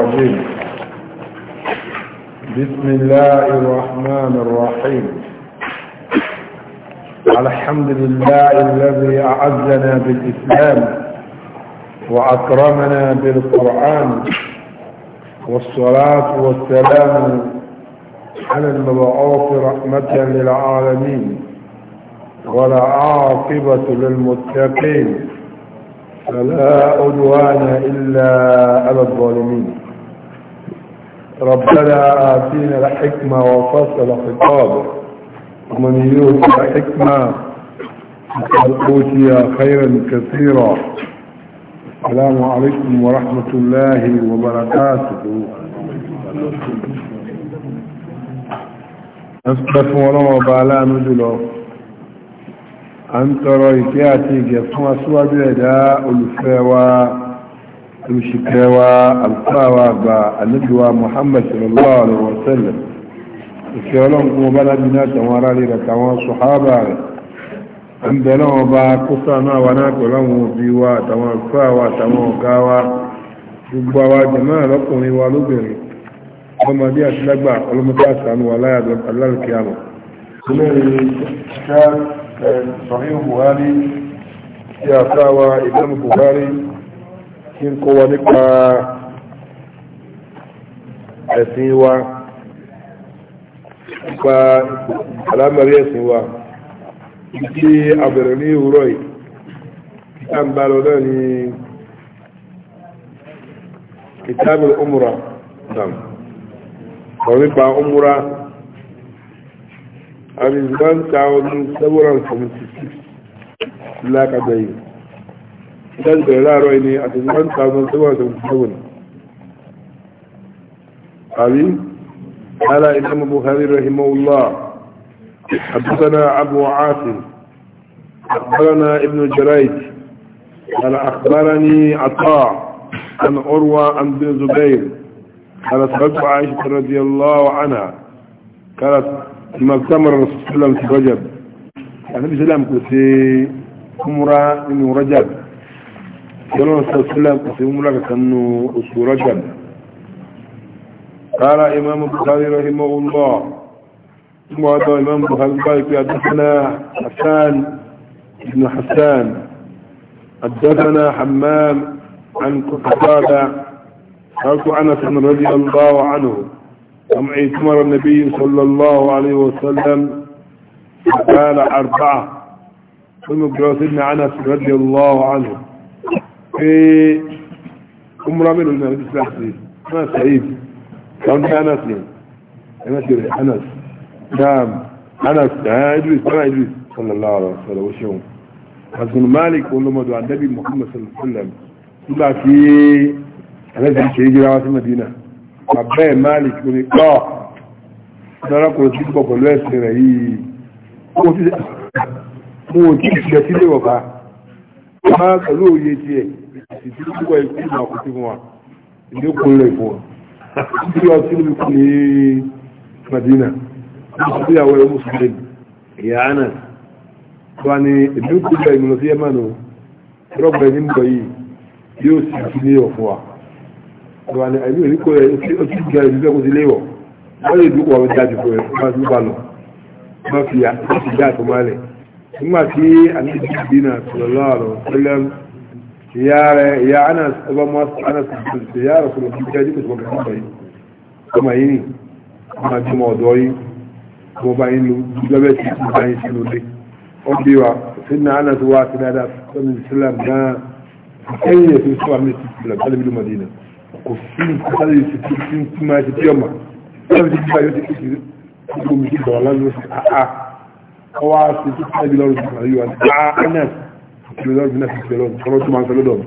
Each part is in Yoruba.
الرجيم بسم الله الرحمن الرحيم الحمد لله الذي أعزنا بالإسلام وأكرمنا بالقرآن والصلاة والسلام على المبعوث رحمة للعالمين ولا عاقبة للمتقين فلا أدوان إلا على الظالمين ربنا آتينا الحكمة وفصل خطابه ومن يوت الحكمة فقد أوتي خيرا كثيرا السلام عليكم ورحمة الله وبركاته أسبف ولما بعلا نجله أن ترى إكياتي سوى أسوأ بيدا ألفوا المشكوى القاوى النجوى محمد صلى الله عليه وسلم يقولون قبل الناس وراء لتوان صحابة عند لهم با قصة ما وناك لهم ضيوى توان فاوى توان قاوى جبا واجماء لكم والوبر وما بيأت لك با علم تاسا ولا يدرب الله الكيامة آه، صحيح بغالي يا فاوى ابن بغالي kí n kọ́ wa nípa ẹ̀sìn wa nípa àlámọ̀rí ẹ̀sìn wa tí a bẹ̀rẹ̀ ní ìwúrọ̀ yìí tá n bá lọ náà ní kìtàbù umra dam sọ̀rọ̀ nípa umra and is one thousand yìí ìdájọ́ bẹ̀rẹ̀ láàárọ̀ ẹni àti one thousand seven hundred seventy àbí ala imam buhari rahimahullah حدثنا أبو عاصم أخبرنا ابن جريج قال أخبرني عطاء عن عروة عن بن زبير قال سألت عائشة رضي الله عنها قالت ما اغتمر الرسول صلى الله عليه وسلم في رجب النبي صلى الله عليه وسلم كنت عمره من رجب صلى الله عليه وسلم قسم لك أنه أسورة قال إمام البخاري رحمه الله ثم أعطى إمام البخاري في حدثنا حسان بن حسان حدثنا حمام عن قتادة قالت أنس رضي الله عنه أم اعتمر النبي صلى الله عليه وسلم قال أربعة ثم قال سيدنا أنس رضي الله عنه pé umra mélòó ní àwọn islam ṣe náà saheed kàńtà anas ni ẹ̀rọ ti rẹ̀ anas naam anas ẹ̀rọ idris bọ́lá idris sallallahu alaihi wa sallam ṣeun hasan malik olomọdọ anabi muhammad sallallahu alaihi wa sallam nígbà tí ẹlẹ́sìn ṣe é jíra wá sí madina bàbá ẹ̀ malik ló ní kọ́ náírà kò sí pọ̀ pẹ̀lú ẹ̀sìn rẹ̀ yìí mo ò ṣe sílé wọ̀fà máa pẹ̀lú òye tiẹ̀ ìdí púpọ̀ ikú ìmọ̀ àkókò fún wa ìdí òkú rẹ̀ fún wa ìdí wa sí ibi kú ní Madina ìdí sí àwọn ẹ̀rọ mùsùlùmí ìyá àná wa ni ìdí òkú rẹ̀ ìmọ̀ sí ẹ̀mà nù rọ́bà ẹni mbọ̀ yìí yóò sì fi ní ọ̀fún wa wa ni ẹ̀mí òní kó rẹ̀ ó sì gba ìdí fẹ́ kó ti léwọ̀ wọ́n lè dúpọ̀ ọ̀rọ̀ jáde fún ẹ̀ bá ti bá lọ bá fi yà ó sì ya re ya ana ba mu ana su ya rasul ka ji ku ga bai kuma yini ma ji mo doyi mo ba yin lu da be ci ba yin ci lu de o bi wa sinna ana su wa sinna da sallallahu sallam da kai ne su su amma ci la kalbi madina ko sin kalbi ci ci ci ma ci yamma kalbi ci ba yo ci ci ko mi ci do la lu a a wa ci ci kalbi la lu yo a anas kìlọ́dọ̀ bí náà fi tẹ̀lọ́ ọ̀rọ̀ tó máa ń fẹ́ lọ́dọ̀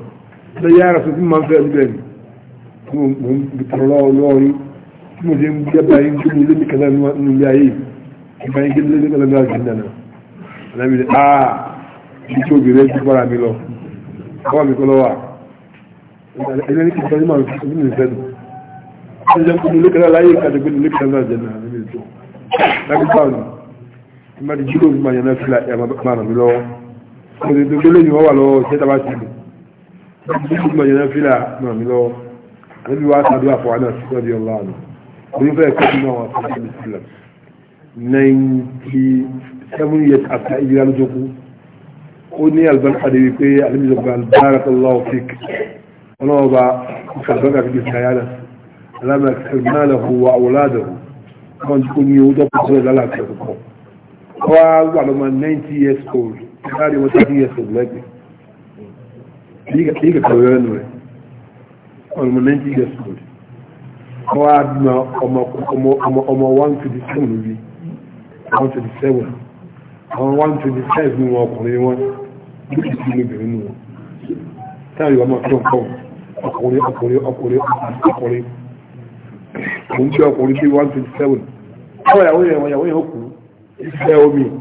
ṣe yá ara sọ fún máa ń fẹ́ níbẹ̀ ni tí mo ń tọrọ lọ́wọ́ lọ́wọ́ yín tí mo ṣe ń gbé bá yín gbé lé nìkan nínú ilé ayé ìgbà yín gbé lé nìkan nínú ayé ìgbà náà alábi ni aa ibi tí obìnrin ti fara mi lọ ọwọ́ mi kọ́ lọ́wọ́ ẹni ní kìlọ́dọ̀ máa ń fi mí nìfẹ́ nù ṣe jẹ́ kó lé kan láyé ìkàdé gbé lé kan náà jẹ́ náà níbi ètò lágbègbè báwọn ni ìmọ̀ òde gbélé yìí wọ́n wà lọ́wọ́ ṣé tábà ti lò bí kí mo yẹn fílà náà mi lọ́wọ́ àbí wàá sàdúrà fún wa náà sí ọdí ọlá àná oyún fẹ́ẹ́ kọ́ sínú àwọn àti ìlú sílẹ̀ ninety seven years after ìyá lójó kú ó ní albarka de wípé alimizọba albarka lọ́wọ́ fik years old o kare wata hiyar sulmaki ɗiga kauyen nure almananci da school kawa na ọmọ 127 bi 127 àwọn 125 ni wọn ọkùnrin wọn lókè sí lóbìnrin nù táàrí wọn máa tọ́ kọ́ ọkùnrin ọkùnrin ọkùnrin ọkùnrin òun jẹ́ ọkùnrin bí 127 ọwọ́ ìyàwó ìyàwó ìyàwó ìyàwó kù ìfẹ́ omi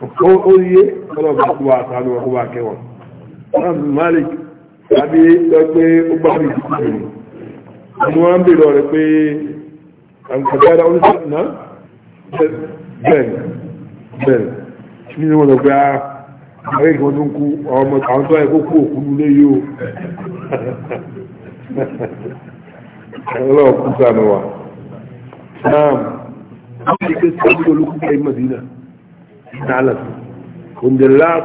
ó yé ọlọ́ba tó wà sánú ọkọ̀ wà kẹwọn láàbù malik tàbí lọ pé ó bá rí ìdíkù nù ni wọ́n ń bèèrè rẹ̀ pé àǹkàdára oníṣẹ́ náà bẹ́ẹ̀ bẹ́ẹ̀ nínú wọn lọ pé a àwọn ìgbọ́n tó ń تعالى وندلات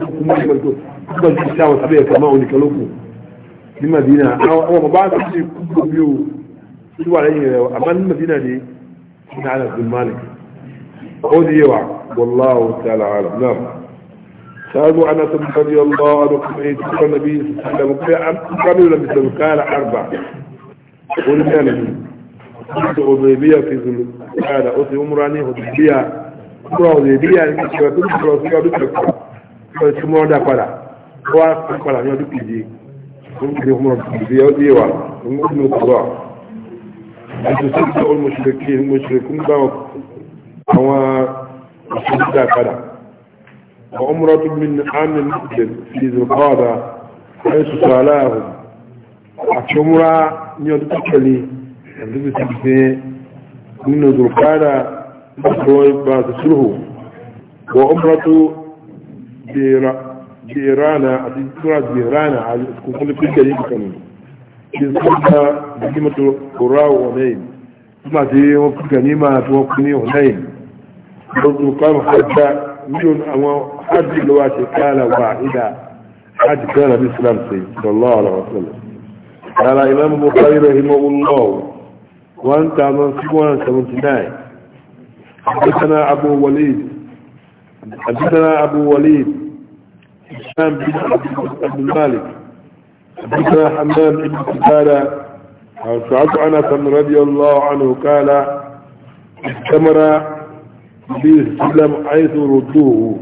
كم مجمل كل كل شيء وصبيه كما ونكلوكو في مدينة أو بعض الشيء كله بيو شو عليه أما المدينة دي تعالى بن مالك خذ يوع والله تعالى عالم نعم سألوا أنس بن رضي الله عنه كم أيتك النبي صلى الله عليه وسلم كم لم يسلم قال أربع قل يا نبي كنت في ذل قال أتي أمراني أضيبية ọmọ ọ̀rẹ́ ìbílẹ̀ àìsíkọ̀ tó ti sọ̀rọ̀ sí ọdún kẹfà lọ sí mọ́ ọ́dà padà wá padà ní ọdún kejì ó ń kiri ọmọ ìdí ọdún ìwà ń gbọ́dọ̀ ní kọ̀ọ̀rọ̀ àti sí ìjọ olùmọ̀ṣẹ̀lẹ̀kì olùmọ̀ṣẹ̀lẹ̀kì ń bá àwọn òṣèlú padà وعمرة من عام المسجد في ذو القادة حيث سألاهم àti ọmọra ní ọdún tó kẹlẹ̀ ẹ̀dùn tó ti fi nínú zùlùkádà sulhu wa umratu birana a a cikin fiskar yin kanu cikin suka dị kimatu kurawa hunayin kuma ta wa fuska nima ta wa kuni hunayin don kama hajja hajji wa shekara wa islam sai sallallahu alaihi wasallam قال إمام بخير رحمه الله حدثنا أبو وليد حدثنا أبو وليد هشام بن عبد المالك حدثنا حمام بن قتادة سعد أنس رضي الله عنه قال استمر النبي صلى الله عليه وسلم حيث ردوه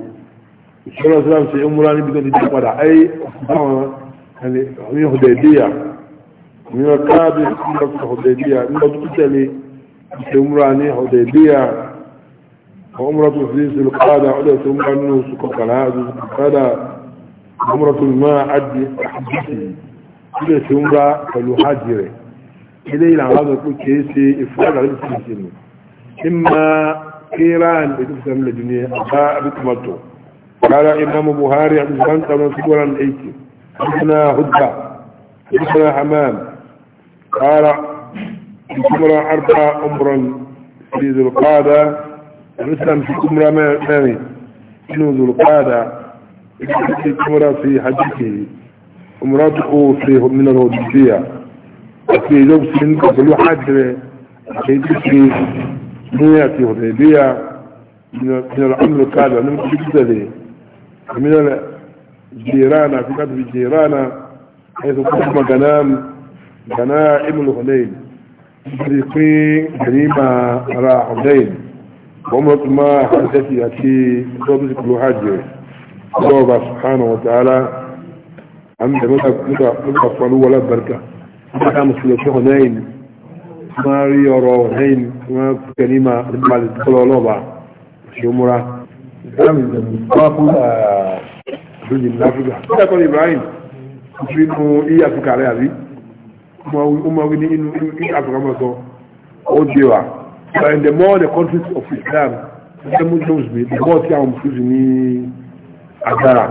صلى الله عليه وسلم في عمران بن ابي جبل أي يعني من حديبية من كعب من الحديبية من قتل عمران حديبية وعمرة في ذي القادة على ثم أنه سكوكلا سكوكلا عمرة ما عد حدثي إلى ثم فلهاجر إلى إلى هذا كل كيسي إفراد على السنسين إما إيران بتفسر لدنيا أبا بتمتو قال إمام بوهاري عبد الزمان كما سبولا الأيتي حدثنا هدى حدثنا حمام قال عمرة أربع عمرا في ذي القادة الإسلام في كمرة مامي إنه ذو القادة في كمرة في حجته ومراته في من الهدفية وفي لبس وفي حجر في جسر نية هدفية من العمل القادة من الجسد من الجيرانة في قدر الجيرانة حيث قسم جنام جنائم الهنين فريقين جريمة راح هنين وما ما حدثي أكي صدق كل حاجة الله سبحانه وتعالى عند مدى صلو ولا بركة مدى مسلسة هنين ما يرى هنين ما كلمة مع الدولة لوبا شمرة دم مصطفى بن النافذة هذا قال إبراهيم شنو إيه أفكار هذه ما هو ما هو إيه أفكار ما هو أوديوا and the more the countries of Islam the Muslims be the more tí àwọn Muslims ní agbára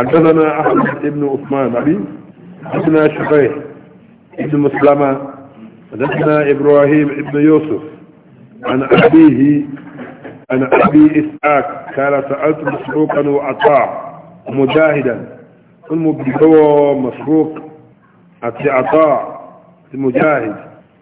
àdánana ahmed ibn Uthman àbí àdánana shafai ibn Maslama àdánana Ibrahim ibn Yusuf عن أبيه عن أبي إسحاق قال سألت مسروقا وعطاء مجاهدا المبدو مسروق أتي عطاء المجاهد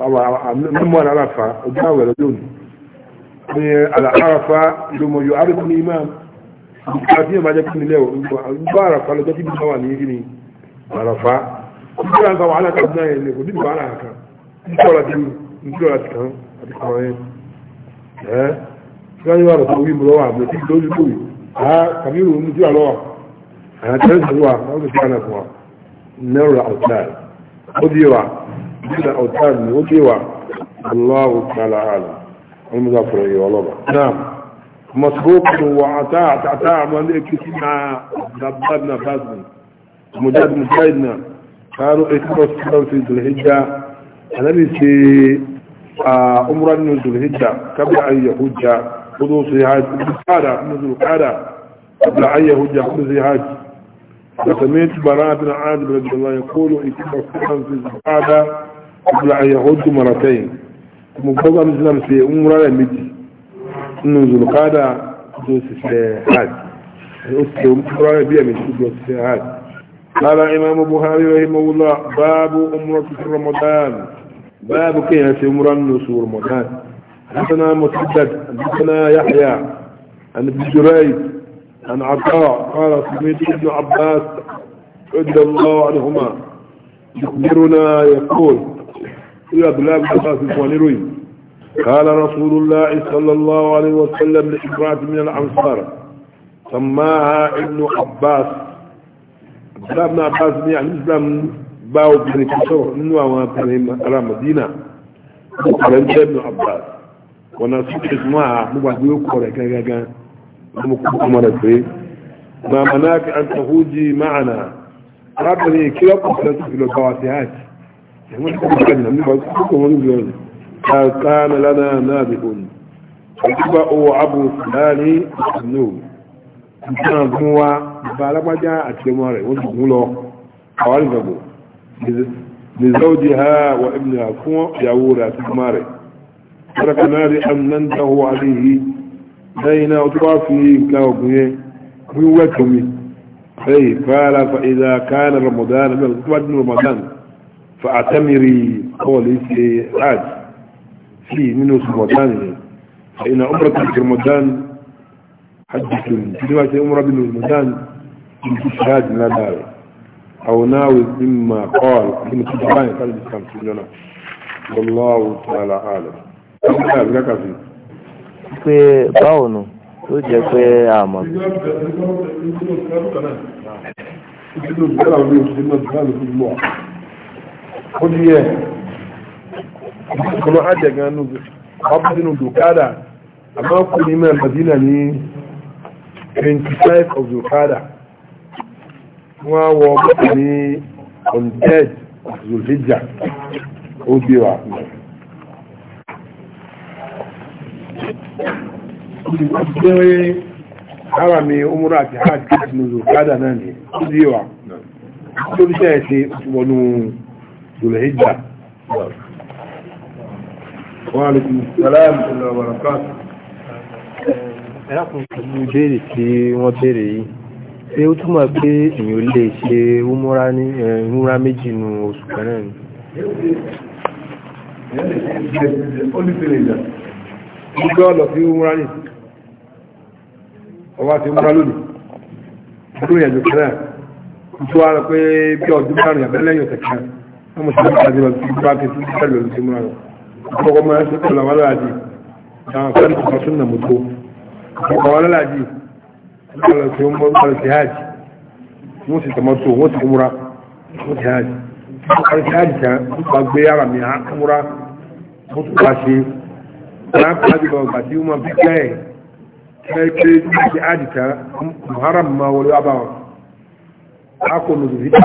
mímọ́ aláfa ojú àwẹ̀ lọ́jọ́ òní ní àlàáfà lomọ̀ yóò arúgbó ní imam àti ìyẹn bá jẹ́ kíni lẹ́wọ̀ gbọ́ àràfà lọ́jọ́ tí bímọ wà ní kíni àràfà ojú àǹkà wàhálà kan náà yẹn kò dìbò wàhálà kan nítorí àti nítorí àti kan àti kan yẹn ẹ́ sọ́yìn wà lọ́tọ̀ orí ìmúlọ́wà àmì tí lórí lórí àá kàmírù ní tí wà lọ́wà àyàtẹ́rẹ́sì wà lọ́wọ́ دين أوتان وجوا الله تعالى عالم المغفر يا الله نعم مسبوق وعطاء تعطاء من كتنا دبرنا فاسنا مجد مجاهدنا قالوا إكبر السلام في ذو الهجة النبي في آه، عمر من ذو الهجة قبل أن يهجة خذوا صيحات القادة من ذو قبل أن يهجة خذوا صيحات وسمعت براء بن عازب رضي الله يقول إكبر السلام في ذو القادة قبل أن يعود مرتين مبتغى الإسلام في أمرا لمدي إنه ذو القادة دوس السيحات أسلم أمرا لبيع من دوس السيحات قال إمام بخاري رحمه الله باب أمرة في رمضان باب كينة أمرا نسو رمضان حسنا مسدد حسنا يحيى عن ابن جريج عن عطاء قال سمعت ابن عباس رضي الله عنهما يخبرنا يقول إلى عبد الله بن قال رسول الله صلى الله عليه وسلم لإبراهيم من الأنصار سماها ابن عباس عبد الله بن عباس يعني الإسلام باو بن كسور إنه هو على مدينة وقال ابن عباس ونسيت اسمها مبعد يوكور كذا ما مناك أن تهوجي معنا ربني كيف أخذت في الكواسيات كان لنا نابئ يتبع عبو فلان النوم كان هو بالما جاء أتمر وجمله أوالغبو لزوجها وابنها كون يعور أتمر تركنا لأمننته عليه بين أطرافه كوبه ويوكمي أي قال فإذا كان رمضان من رمضان فاعتمري قولي في عاد في منه اسم ودان فإن عمرة في رمضان حجة في دلوقتي عمرة بن رمضان في شهاد لا دار أو ناوي مما قال كلمة سبحان قال الإسلام سبحانه والله تعالى أعلم pé báwo nù ó jẹ́ pé àmọ́. Ìjọba ìjọba ìjọba ìjọba ìjọba ìjọba ìjọba ìjọba ìjọba ìjọba ó di ẹ̀ ọmọ ajẹ́ gan nù ọbọ̀ sínú dùkádà àmọ́ kò ní mẹ́rin madina ní 25 of dùkádà wọ́n wọ bọ́ta ní on 10 of zulhijja ó bí wa gbẹ́rẹ́ ara mi umura àti hajj kí sínú dùkádà náà ní ó bí wa tó bí sẹ́ẹ̀ ṣe wọnú zulhijja wa alaikum salam wa barakatuh ẹ̀rákùn pẹ̀lú ìbéèrè tí wọ́n béèrè yìí pé ó túmọ̀ pé èyàn ò lè ṣe ìmúra méjì nù oṣù kan náà ni Ìgbẹ́ ọ̀lọ̀ fi múra ní ọwá ti múra lónìí, ìgbẹ́ ìyàjò kẹrẹ, ìtò ara pé bí ọdún márùn wọ́n mọ̀ sí ní ìpàdé wọn tí bá ti tún tẹ̀lé lórí sí múra rẹ̀ àkọ́kọ́ máa ń ṣe pẹ̀lú àwọn aláàjì àwọn fẹ́ẹ́ tó tún nà mọ́tò àkọ́kọ́ àwọn aláàjì wọ́n lọ sí wọ́n lọ sí hajj wọ́n sì tọmọ́tò wọ́n sì múra wọ́n sì hajj wọ́n sì hajj kan wọ́n bá gbé ara mi hàn múra wọ́n tún bá ṣe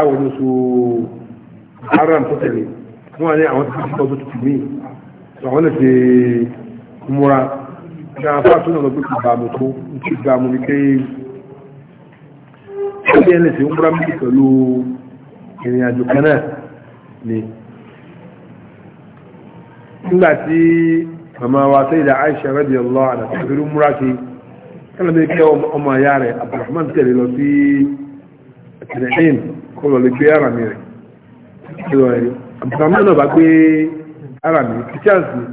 wọ́n haram tó tẹ̀lé wọ́n ní àwọn tó ti kọ́ tó ti mí àwọn lè fi múra ní àwọn afáàtún náà lọ pé kò bá mi tó ń tí gbà mú ní pé ó ní ẹlẹ́sì ń múra mí pẹ̀lú ìrìn àjò kan náà ni nígbà tí màmá wa Sayyida Aisha radiyallahu anha àti ìfẹ́rú múra sí kálọ̀mí kí ọmọ ìyá rẹ̀ Abdulrahman tẹ̀lé lọ sí ẹ̀tẹ̀lẹ́yìn kọlọ̀ lè gbé ara mi rẹ̀ ìwọ̀n ẹ̀rí àbùsàmọ́ náà bá gbé ara mi christians ni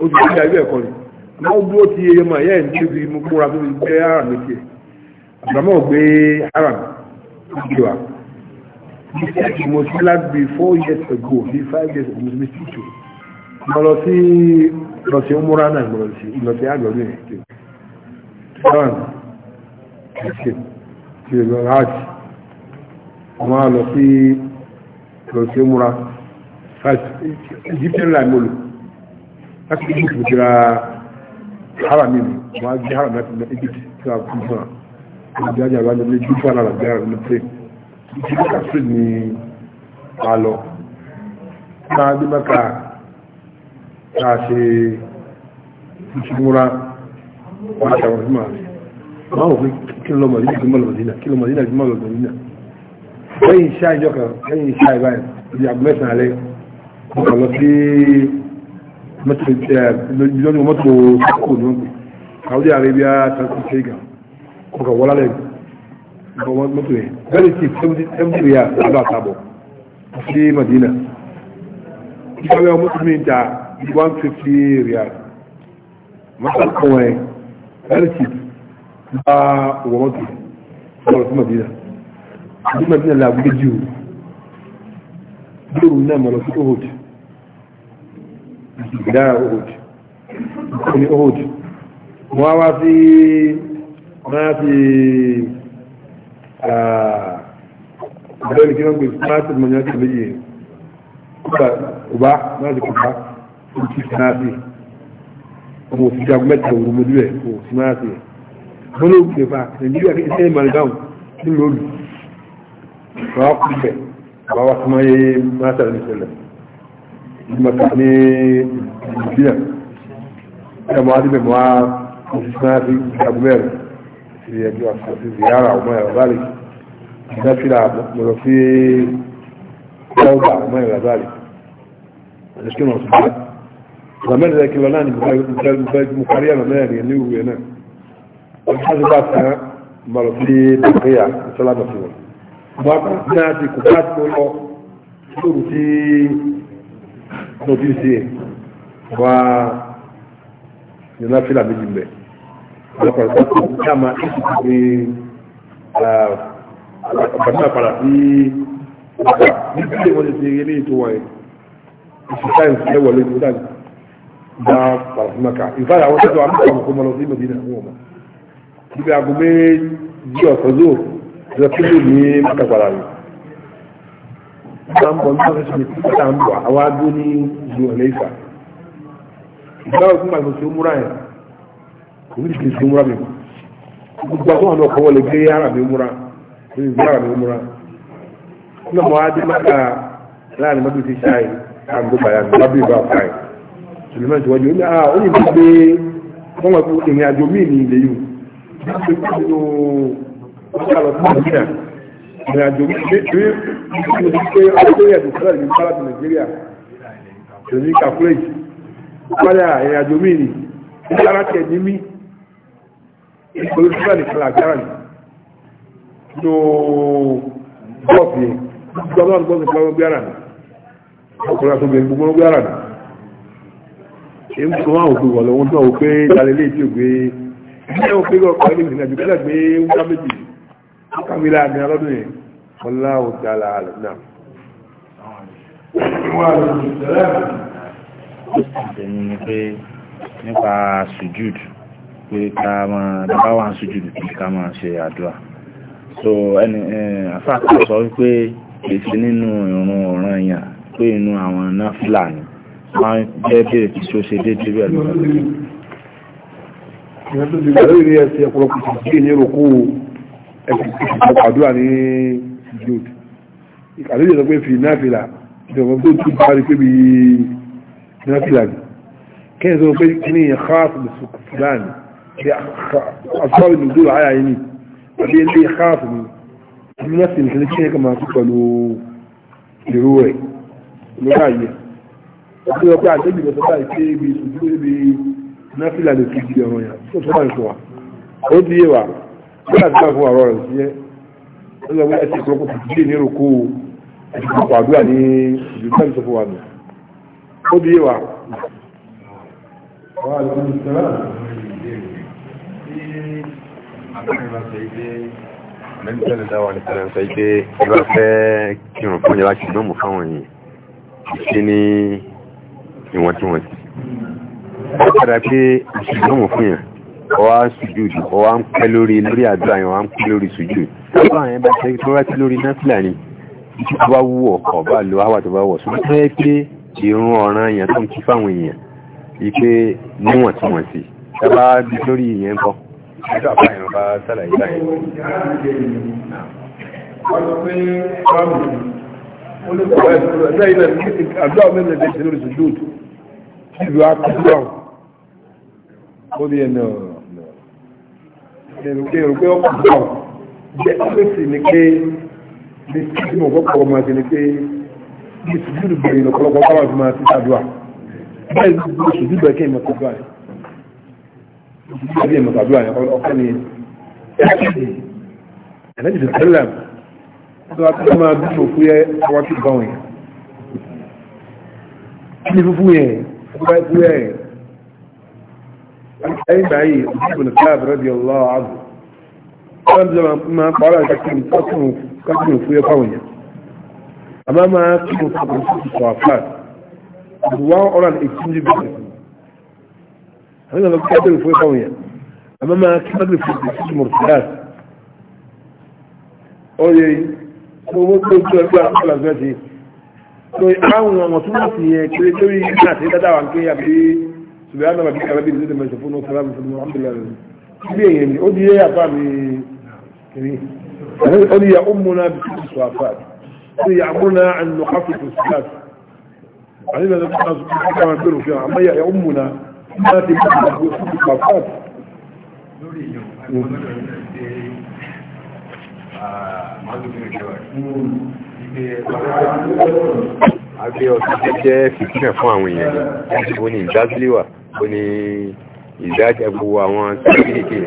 ó ti gbé ìdájọ́ ẹ̀kọ́ ni àmọ́ ó dúró ti ẹyẹ máa yẹ ẹ̀ ní ibi mo múra tó fi gbé ara mi tiẹ̀ àbùsàmọ́ ò gbé ara mi ó ti wà mo ti lágbè four years ago ní five years ago mo ti ti tù mo lọ sí ìlọsí múra náà mo lọ sí ìlọsí àjọ̀dún yẹn ti sáwọn kìí ṣe ti ìlọ láti mo máa lọ sí lọ sí múra egyptian line mo lò láti egypt mo ti ra haram mi mo á gbé haram láti lọ egypt tí a kú fún wa mo ajá ìwádìí lé egypt wà lára gbé haram lọ plane egypt ká street ni a lọ máa gbé mẹ́ka ká ṣe tuntun múra wọ́n á ṣàwọn fún wa máa pé kí ló mọ̀ nígbà tí mo lọ kí ló mọ̀ nígbà tí mo lọ lẹ́yìn iṣẹ́ ìjọ kan lẹ́yìn iṣẹ́ ìbáyìí ìdí àgbẹ̀sán alẹ́ ọkọ̀ lọ sí lójú mọ́tò sákò ní ọ̀gbìn Saudi Arabia transport sega ọkọ̀ wọlá lẹ́yìn ọkọ̀ mọ́tò yẹn bẹ́ẹ̀ni tí seventy ria àbá àtàbọ̀ sí Madina ìfọwọ́ mọ́tò mi ta one fifty ria mọ́tò kan wọ̀nyẹn bẹ́ẹ̀ni tí wọ́n mọ́tò yẹn ọkọ̀ lọ sí Madina àbí mẹ́tìnà làgbé jù lóru náà mọ̀ lọ sí ohud ìdá ohud ìkọ́ni ohud wọ́n wá sí máa fi ìbẹ̀rẹ̀ kí wọ́n gbé máa ti mọ̀nyá sí méjì ọba máa ti kọ̀ọ̀ká ó ti fi náà sí ọmọ òsìjà mẹ́ta òru mojú ẹ̀ kò sí máa sí bọ́lá òkè fa nàìjíríà kí iṣẹ́ ìmàlẹ́dáhùn nílùú olùsí فاقبل بواس ما ي ما تعلم سلم لما تعني كذا يا معلم معاذ وسمع في أبو مير في في زيارة وما إلى ذلك نافلة في توبة وما إلى ذلك لكن وسمع زمان ذاك الولان مقارية لنا يعني اللي هو هنا الحاجة بعدها مرة في بقية سلامة فيه bàbá náà ti kò bá tó lọ lóru tí lóbi sí ẹ̀ wá nínú fílà méjì mbẹ̀ ọlọ́pàá tó kù kí a máa èsì tó pé àbàdí àpàdà sí ní bí lè wọ́n ti ṣe eré ètò wáyé ìṣù sáyẹ̀nsì ẹ̀ wọlé ní dájú gba pàrọ̀símákà ìfáyà àwọn tó tó àmì àwọn kó mọ lọ sí Mẹ́dínà àwọn ọmọ ibi àgọ́ méjì ọ̀sán zoo lọ́kílù ní mọ́tàgbàrà rẹ̀ sáàmbọ̀ ní ọ̀rẹ́sì ní sáàmbọ̀ àwọn adó ní ìlú ọ̀lẹ́ ìfà ìgbàwọ̀ fún àgbà tó múra ẹ̀ kò ní ìdíje tó múra mi gbogbo àwọn ọ̀nà ọkọ̀ wọlé gbé ara mi múra ní ìgbà ara mi múra ní ọmọ adé mọ́tà láàrin mọ́tò ti ṣáà yìí bàyà ní lábẹ́ ìbá ọ̀ka yìí ọ̀pọ̀lọpọ̀ nàìjíríà ìrìn àjò nítorí mo ti pé ọdún ẹ̀dùn sílẹ̀ ní bára ti nàìjíríà ìrìn kàkúrẹ́jì wáyà ìrìn àjò mí ni ìdára tiẹ̀ ní mí ìpolú sílẹ̀ nìkan àjára ni nínú bọ́ọ̀bù yẹn gbọ́dọ̀ àti bọ́ọ̀bù ìpamọ́ gbé ara nì ọkùnrin àti obìnrin gbogbo gbé ara nì èyí tó máa ń gbé wọ̀lọ́wọ́ mi ra àmì ọlọ́dún yẹn ọlá òtà làálẹ̀ náà. Èmi ni pé nípa sùjúd pé ká máa dábá wà ń sùjúd pé ká máa ṣe àdúrà. So ẹni àfáàkà sọ wípé èsì nínú ìrun ọ̀ràn èèyàn pé inú àwọn náfìlà ni máa ń jẹ́ bèèrè tí ó ṣe déédéé rẹ̀ lọ́wọ́. Ìyẹn tó ti gbà lórí ẹsẹ̀ ọ̀pọ̀lọpọ̀ sí ní ìrokó àdúrà ní jude àlejò sọ pé fi náfìlà ìjọba tó tún bá rí pé bí náfìlà ni kẹ́yìn sọ pé kíní khas fulan bí asọ́rọ̀ ìdúró àyà yìí ni àbí ilé khas ni ní nọ́ọ̀sì nìkan kí ẹ̀ka máa tún pẹ̀lú ìrú rẹ̀ lọ́dọ̀ àyè àti ọ̀pẹ́ àtẹ́bí lọ sọ́dọ̀ àìsí ibi ìṣùdúró ibi náfìlà lè fi di ọ̀rọ̀ yẹn tó sọ́dọ̀ àìsọ̀ wa ó di yé wa nígbà tí wọ́n fún ọ̀rọ̀ rẹ̀ sí ẹ́ ó lọ wọ́n ẹ̀sìn ìpínlẹ̀ kòtò díẹ̀ ní roko ẹ̀sìn kòtò àdúrà ní ìlú tẹ́lẹ̀ tó fún wa nù ó di yé wa. wà á lè ní sẹ́lá lẹ́yìn tẹ́lẹ̀ dáwà ní tẹ́lẹ̀ sọ pé ìbá fẹ́ kírun fún yàrá kìí lóòmù fáwọn èèyàn ìṣe ní ìwọ̀ntúnwọ̀nsì ó padà pé ọwá sùjúdù ọwá ń pẹ́ lórí lórí àdúrà yẹn ọwá ń pẹ́ lórí sùjúdù ọwá yẹn bá tẹ́ tó rántí lórí náfìlà ni tí ó bá wú ọkọ̀ bá lo àwà tó bá wọ̀ sùn tó yẹ pé ìrún ọ̀ràn yẹn tó ń kí fáwọn èèyàn yìí pé níwọ̀ntúnwọ̀nsì tábà bí lórí ìyẹn kọ́ nígbà báyìí wọn bá sàlàyé báyìí. wọ́n sọ pé báwo ni wọ́n lè sọ ẹ̀ èrò pé ọkọ̀ náà jẹ́ ọ́fíìsì ni pé ní tí mo kọ́kọ́ ọmọ ẹ̀sìn ni pé ní sùdúrù bẹ̀rẹ̀ lọ́pọ̀lọpọ̀ báwọn ti máa ti ṣàdúrà báyìí ní sùdúrù bẹ̀rẹ̀ kí èèmọ̀ ṣàdúrà yẹn sùdúrù bẹ̀rẹ̀ èèmọ̀ ṣàdúrà yẹn ọkọ̀ ni ẹ̀lẹ́jì tó tẹ́lẹ̀ tó a tó máa dúró fún yẹ àwọn tó bá wọn yẹn kí ni fúfú yẹn fúfú yẹn أي بعيد ابن كعب رضي الله عنه كان زمان ما قال كتير كتير كتير في قوية أما ما كتير في الصوافات دوان أولا إكتنج بسيطة هذا لو كتير في قوية أما ما كتير في المرسلات أوي owó tó tó ẹgbẹ́ àkọlà fẹ́ ti tó àwọn ọmọ tó wọ́n ti yẹ kéré kéré láti dáadáa wà ń kéyà bíi سبحان ربي ربي الذي ما يشوفون وسلام الحمد لله ليه يعني قولي يا طعمي كريم قولي يا أمنا بكل الصوافات قولي يأمرنا أن نخفف الصلاة علينا نبقى كما نقولوا فيها عما يا أمنا ما تبقى الصوافات Àbí ọ̀sán jẹ́ fìtínà fún àwọn èèyàn, ẹ̀sùn ní ìdásílẹ̀ wà. ó ní ìdájẹ́ gbogbo àwọn sẹ́kìrìtì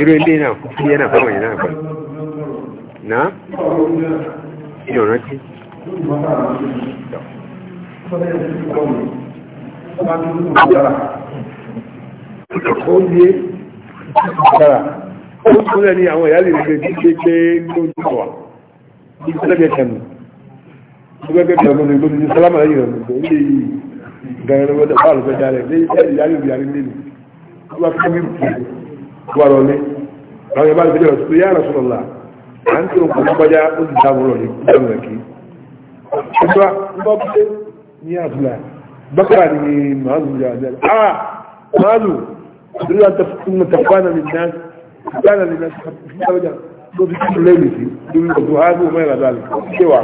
irú ilé náà fún yẹ́nà fáwọn yẹn náà pẹ̀lú náà ìrìn rántí ó ní ìdára ó kúrẹ́ ní àwọn ìyá lè rí gbé lójú wà ní sẹ́lẹ̀bẹ̀ẹ́sẹ̀ nù gbẹ́gbẹ́ bí ọmọ sálámà lẹ́yìn ọ̀nà gan lọ́wọ́ dẹ̀ bá lọ́fẹ́ jalè ní ìṣẹ́ ìyáyé ìyáyé nínú wọ́n fi mí kú wà lọ́lé àwọn ìbá lọ́fẹ́ jalè ya Rasulullah à ń tó kù kọjá ó sì dá wúrọ̀ ní kúrò rẹ̀ kí. ìgbà ń bọ́ pé ní àbúlà bákàrà ni màálù yà jẹ́ à màálù ìdílé àtàkùnà ní náà ìdáná ní náà fi dáwọ́jà tó fi kúrò lẹ́yìn sí lórí ọ̀dọ̀ ààbò mẹ́rin àdáàlì ṣé wà.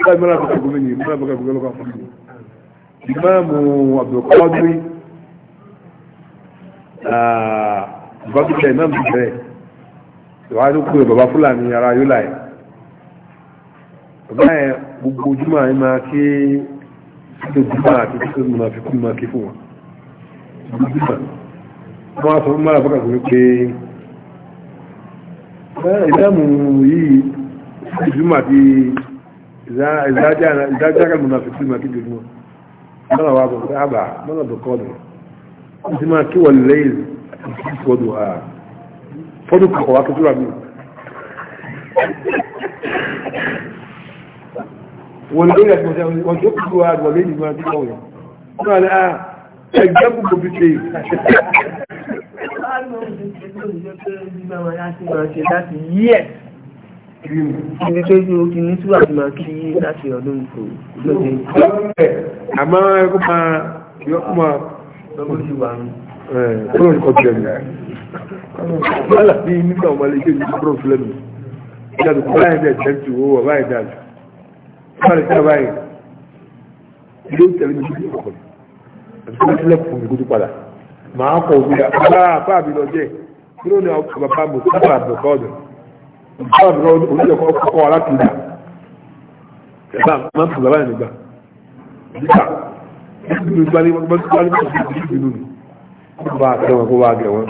ìgbà mẹ́rin àbúkà gómìnì mẹ́rin àbúkà gómìnì imamu abdulkadir abdulkadir ah, imam bẹ̀rẹ̀ wàá ló kúrò bàbá fúlàní ara yóò láyé bàbá yẹn gbogbo ojúmọ̀ àyè máa kí ṣíṣe ojúmọ̀ àti ṣíṣe ojúmọ̀ àfi kún máa kí fún wọn ojúmọ̀ wọn á sọ fún mọ́ra bọ́kà gbogbo pé ìdáàmú yìí ojúmọ̀ àti ìdájá kan mọ̀nà àfi kún mọ́nà wa bọ̀ àbà mọ́nà bọ̀kọ́ nù ó ti máa kí wọ́n lẹ́yìn àti fọ́dù à fọ́dù kọ̀kọ̀ wá kẹ́kọ̀ọ́ mi wọ́n lórí àti wọ́n tó kúrò wa wọ́n lẹ́yìn máa dúró wọ́n wọ́n wà ní à ah, ẹgbẹ́ gbogbo bí ṣe yìí ibi tó ju kí ní túwà tí máa kí láti ọdún kò lóde. àmọ́ ẹkún máa yọkún máa. lọ́gbọ́n ti wà ní. kúrò ní kọjú ẹ̀mí. wọ́n là bí nígbà wọn lè gbé ní kúrò fúlẹ̀ mi. ìjà tó kọ́ láyé bẹ́ẹ̀ tẹ́tù owó wà báyìí dájú. wọ́n lè tẹ́ báyìí. ilé ìtẹ̀lé mi ti kọ̀ ní. àti kí wọ́n ti lẹ́kùn mi kó tó padà. màá kọ̀ òkúta. bá a bá a bí lọ jẹ́ kúrò ní bàbá báwa bí wọn onílẹ̀ kọ́kọ́ wa láti ìgbà ẹ̀fà máa ń fún bàbá yẹn nígbà nígbà nígbà nígbà nígbà nígbà nígbà nígbà nígbà nígbà nígbà nígbà kó bá kẹ́ wọn kó bá gẹ̀ wọn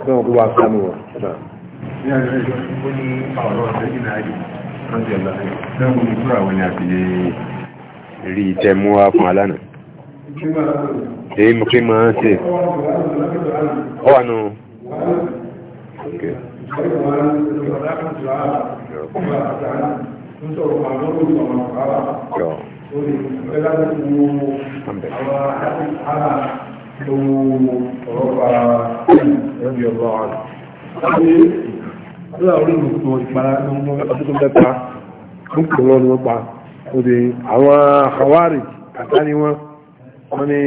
kí wọn kó bá sánú wọn. ní àjọ ìjọ ó ní ọ̀rọ̀ ṣẹ́yìn náà yìí rántí ọ̀la náà mo ní fúra wọn ni àti lè rí ìtẹ̀mú wa fún alánà. èyí mo fi máa ń ṣe. ọ̀wà nù. Okay. Àwọn àwárí kàtà ni wọ́n, wọ́n ni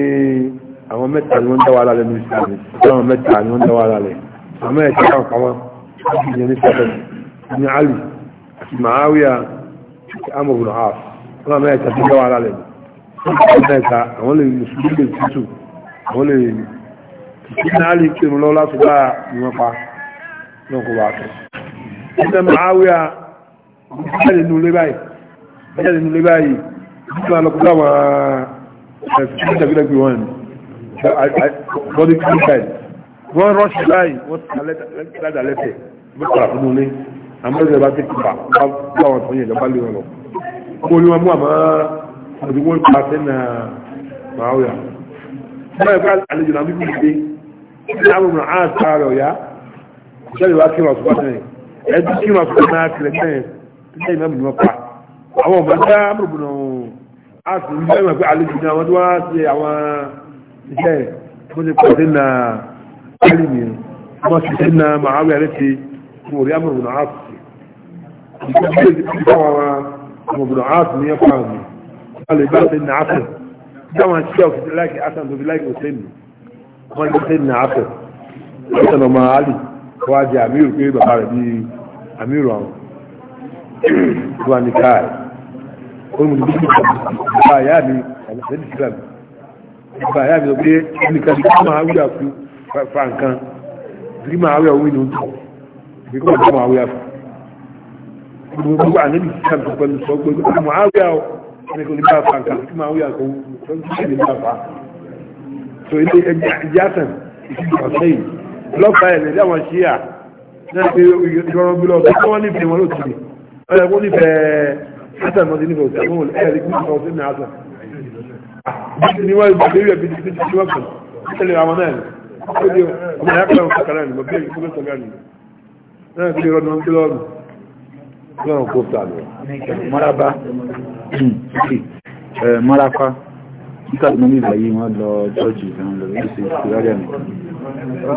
àwọn mẹ́ta ni wọ́n dáwà lálẹ́ ní ìsìnkú, àwọn mẹ́ta ni wọ́n dáwà lálẹ́, àwọn mẹ́ta ni wọ́n dáwà lálẹ́ àti ìyẹn ní sẹ́fẹ̀n ní alì àti màáwíà àti amòhùn àf wọn àmì ẹ̀ka tó dáwà ara rẹ̀ ní ẹ̀ka àwọn lè mùsùlùmí lè tútù àwọn lè kìkì ní alì kí ìrùn lọ́wọ́ láti bá ní wọn pa náà kó wà tó. ìṣẹ́ màáwíà ìṣẹ́ nínú ilé báyìí ìṣẹ́ nínú ilé báyìí ìṣẹ́ máa lọ kó dáwà ẹ̀sìn ìṣẹ́ ìṣẹ́ ìṣẹ́ ìṣẹ́ wọ́n rọ́ṣì báyìí wọ́n ládàá lẹ́sẹ̀ bí kọ́ra fún un ní àmọ́ ìjọba ti kà bá wọn tó yẹ ìjọba lé wọn lọ. mo ní wọn mú àmọ́ àdúgbò ń pa sẹ́nà màáwíà. báyọ̀ ká àlejò náà bíbí ìdè ní àwọn ọmọ àá sá rẹ̀ ọ̀yá ìṣẹ́lẹ̀ wá kí wọn sọ fún ẹ̀ ẹ̀dí kí wọn sọ náà tilẹ̀ mẹ́rin tilẹ̀ ìmọ̀ mìíràn pa. àwọn ọmọ ẹgbẹ́ amúrùbùnà á sì ń bẹ́ẹ̀ mọ̀ pé àlejò náà wọ́n ti wá ṣe àwọn iṣẹ́ bó ti pọ̀ sí náà alimi kuma su suna ma'awiyar yake mori ya faru alibar sai na asir dama cewa fi laki asan zubi laki hussein kuma da sai na asir wata na ma'ali wa ji amiru kai ya ya fa nǹkan bí máa wẹ́ òun inú tó bí kọ́ ọ̀dọ́ máa wẹ́ àfà gbogbo ànábì sí àgbà pẹ̀lú sọ pé kí máa wẹ́ àwọ̀ ẹni kò ní bá fa nǹkan kí máa wẹ́ àkọ́ tó ń ṣe ní bá fa so ilé ẹgbẹ́ ìjásàn ìṣèjọba sẹ́yìn lọ́pàá ẹ̀rẹ̀ ní àwọn ṣíà náà pé ìrọ̀rọ̀ bí lọ́pàá kí wọ́n nífẹ̀ẹ́ wọn lóòtù ni ọ̀rẹ́ wọn nífẹ̀ẹ́ hasan wọn ti nífẹ̀ẹ́ òtù àwọn ẹ̀rí kí wọ́n sí ní hasan bí ni wọ́n gbàgbé rẹ̀ bí ti ti wọ́n kàn tẹ́lẹ̀ àwọn náà ọmọ ya kàrà ọ̀sán kàrà nìmọ̀ bí i kúrò sọ̀rọ̀ nìmọ̀ náà kí lọ́nà ń kílọ̀ ọ̀nà náà kó sàlọ̀ maraba marapa títà tó ní ìgbà yìí wọ́n lọ chọ́ọ̀chì ìtàn lọ sí ìsìláríà nìkan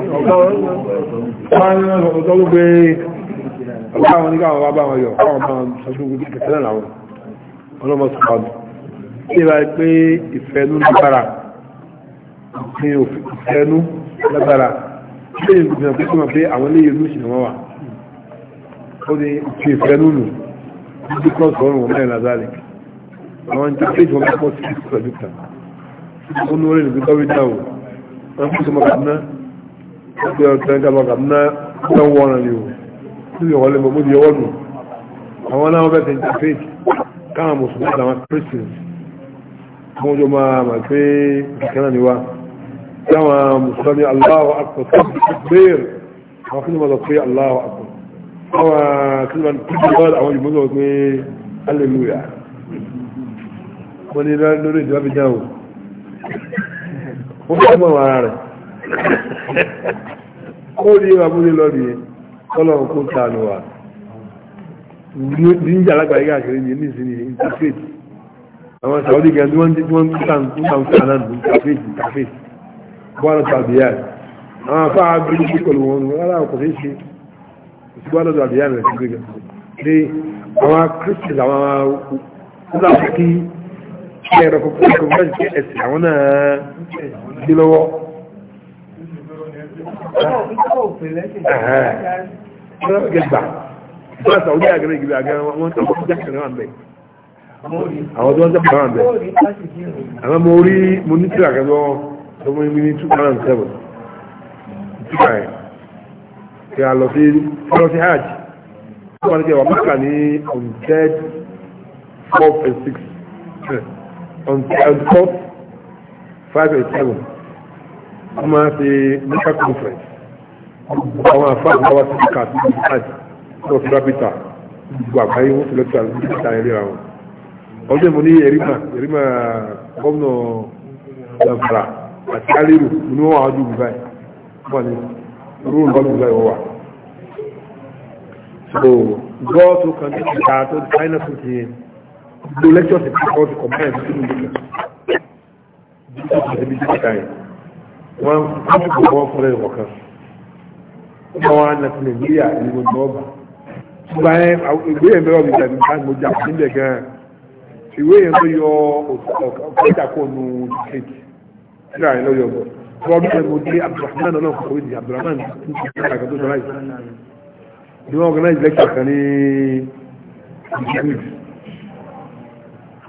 ọ̀tọ́ ló gbé ọgbà àwọn oníkà àwọn bàbá wọn yọ àwọn bá wọn sọ́jú kẹsẹ̀ náà làwọn ọlọ́mọ sọ̀rọ̀ tí ìbá pé ìfẹ́nú ní bára ìfẹ́nú lágbára ilé ìlú ìgbìmọ̀ pé sọ́mọ̀ pé àwọn ilé ìlú ìṣìnà wọn wà ó ní ti ìfẹ́ nùnù ní kọ́ọ̀sì ọ̀rùn wọn mẹ́rin lazari àwọn ń tẹ́lẹ̀ tí wọ́n bá pọ̀ sí ìṣúra dúkìá ó ní orí ìgbìmọ̀ wí dáwò wọ́n fi sọmọ kàmúná wọ́n fi ọ̀tẹ̀ kàmọ́ kàmúná wọ́n wọ́n rán ni o tí ìyọ̀wọ́ lè mọ̀ mọ́ di ọwọ́ nù àwọn náà wọ́n fẹ́ tẹ̀ interfaith káwọn mùsùlùmí àtàwọn christians wọ́n jọ máa mà pé kìkẹ́ náà ni wá كما مستمع الله أكبر تكبير وكلمة لطفية الله أكبر كما كلمة تكبير أو يمنع هللويا wani na lórí ìjọba ìjáwó wọ́n fẹ́ mọ̀ ara rẹ̀ ó rí abúlé lọ́rí ọlọ́run kó tààlù wà ní ìjà alágbàáyé àkèrè ní ní ìsinmi interfaith àwọn sàwọ́dí gẹ̀ẹ́ tí wọ́n ń tàn tàn náà ní interfaith interfaith gbọ́dọ̀ tàbíyà àwọn afá abúlé sí pẹ̀lú wọn rárá kò sí ṣe sí gbọ́dọ̀ tàbíyà rẹ̀ sí gbẹ̀gẹ̀ pé àwọn kristi làwọn ọlọ́pàá kí ẹ̀rọ kọ̀ọ̀kan fẹ́ ẹ̀sìn àwọn náà gbé lọ́wọ́ Ìjọba Sàúdí àgẹ́rẹ́ ìgbìlẹ̀ àgẹ́rẹ́ wọn tàbí ọjọ́ ìjọba ń bẹ̀ àwọn tó ń tẹ́bàá ń bẹ̀ àwọn mo rí mo ní tíra kẹ́lọ́ ọmọ ìmí ní 2007 ìtìkà ẹ̀ kí a lọ sí lọ sí hajj wọ́n ní kí wà mọ́kà ní on third fourth and sixth on fourth five and seven wọ́n máa ṣe mẹ́kà conference àwọn àfáàgbà wa sí ìkà àti hajj lọ sí rápítà gbogbo àgbáyé wọ́n sì lọ́tọ̀ àti ìkà ẹ̀rí àwọn ọdún ìmọ̀ ní ẹ̀rí mà ẹ̀rí mà gómìnà Zamfara àti alérò ní wọ́n wà ní dubai wọ́n ni rúùn lọ dubai wọ́n wà so gọ́ọ̀tù kan tí kò ta tó china tó ti yẹn gbogbo lẹ́kṣọ̀ ti kọ́ kọ́ ti kọ̀ báyìí tó ní ìgbà tó ti ti bí ti kọ̀ta yẹn wọ́n á ti kọ̀ wọ́n fúnra ẹ̀wọ̀ kan wọ́n wá na ti nàìjíríà ní gbogbo ọba gba ẹ ìwé yẹn bẹ́ẹ̀ wọ́n mi dàbí bá mo tó yọ òkúta ọ̀kọ́ ìjà kó kéèkì síra yẹn lọ́yọ̀ bọ̀ bọ́ọ̀bù ẹ̀ mo dé abdulrahman náà kò wíjì abdulrahman ní ìgbà tó sọ láyé ni wọ́n organize lecture kan ní ìgbìmọ̀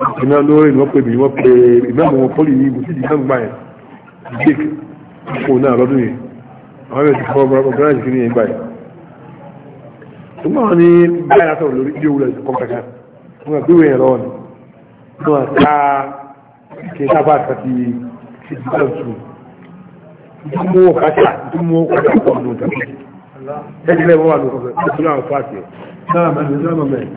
ìgbìmọ̀ lórí ni wọ́n pè mí wọ́n pè ìgbàmù wọn pọ́lì yìí gùn sí ìgbàmù gbà yẹn ìgbèk kò náà lọ́dún yìí àwọn ẹ̀sìn kan organize kí ni yẹn gbà yẹn tó máa ní báyìí látọ̀rọ̀ lórí ilé òwúrọ̀ ìsìnkọ́ kankan wọ́n gbé wẹ̀yẹ̀ lọ́wọ́ ni wọ́n ká kí n sábà kàtí su ji kansu jimmo kasa jimmo kasa kan nota ta jilai ba wani kasa ta suna fasi na mani zama mai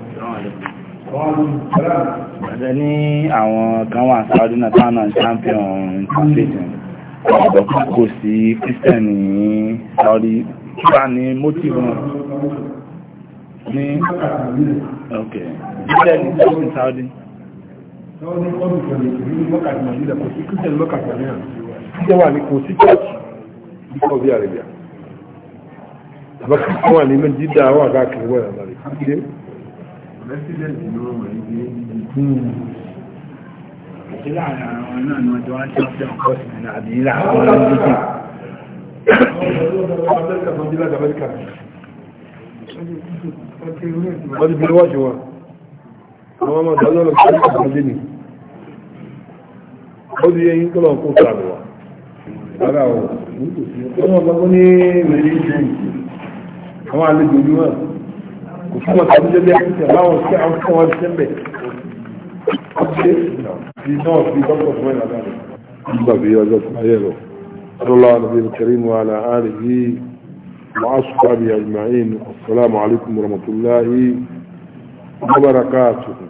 Bàdé ní àwọn kan wà Saudi náà tánà champion translation ọ̀dọ̀ kò sí Christian ní Saudi kíkà ní motive wọn ní ok Christian ní Saudi lọ́wọ́ ní kọ́ọ̀dù ìjọba ìlú ní mọ́kàtí nàìjíríà kò sí kírísítẹ̀ mọ́kàtí àríyàn kírísítẹ̀ wà ní kò sí church ní Saudi Arabia àbá kírísítẹ̀ wà ní nàìjíríà wà káàkiri wọ́n yàrá rẹ̀ kíkiri. rẹ́sídẹ̀ntì ló wọ̀ ní ilé yìí. ìṣẹ́lẹ̀ àwọn náà ni wọ́n jọ wá ń ṣe ọ̀pọ̀ sí ní àdìyílà àwọn ọ̀rọ̀ wọ́n ti àwọn ọmọ ìdájọ́ lọ sí ìpàdé ni ó di eyín tó lọ kó sàrò wà lára ọ̀ ọmọ ọgbọ́n ní ìrẹ̀lẹ̀ ìṣẹ́ àwọn àlejò ní wọn kò fún ọ̀tà ní jẹ́lẹ̀ ẹ̀kúnṣẹ́ láwọn sí àwọn fún wọn ṣẹ́ mẹ́ ọ̀ṣẹ́ ti náà fi dọ́kọ̀ fún ẹ̀lá dáadé nígbà bí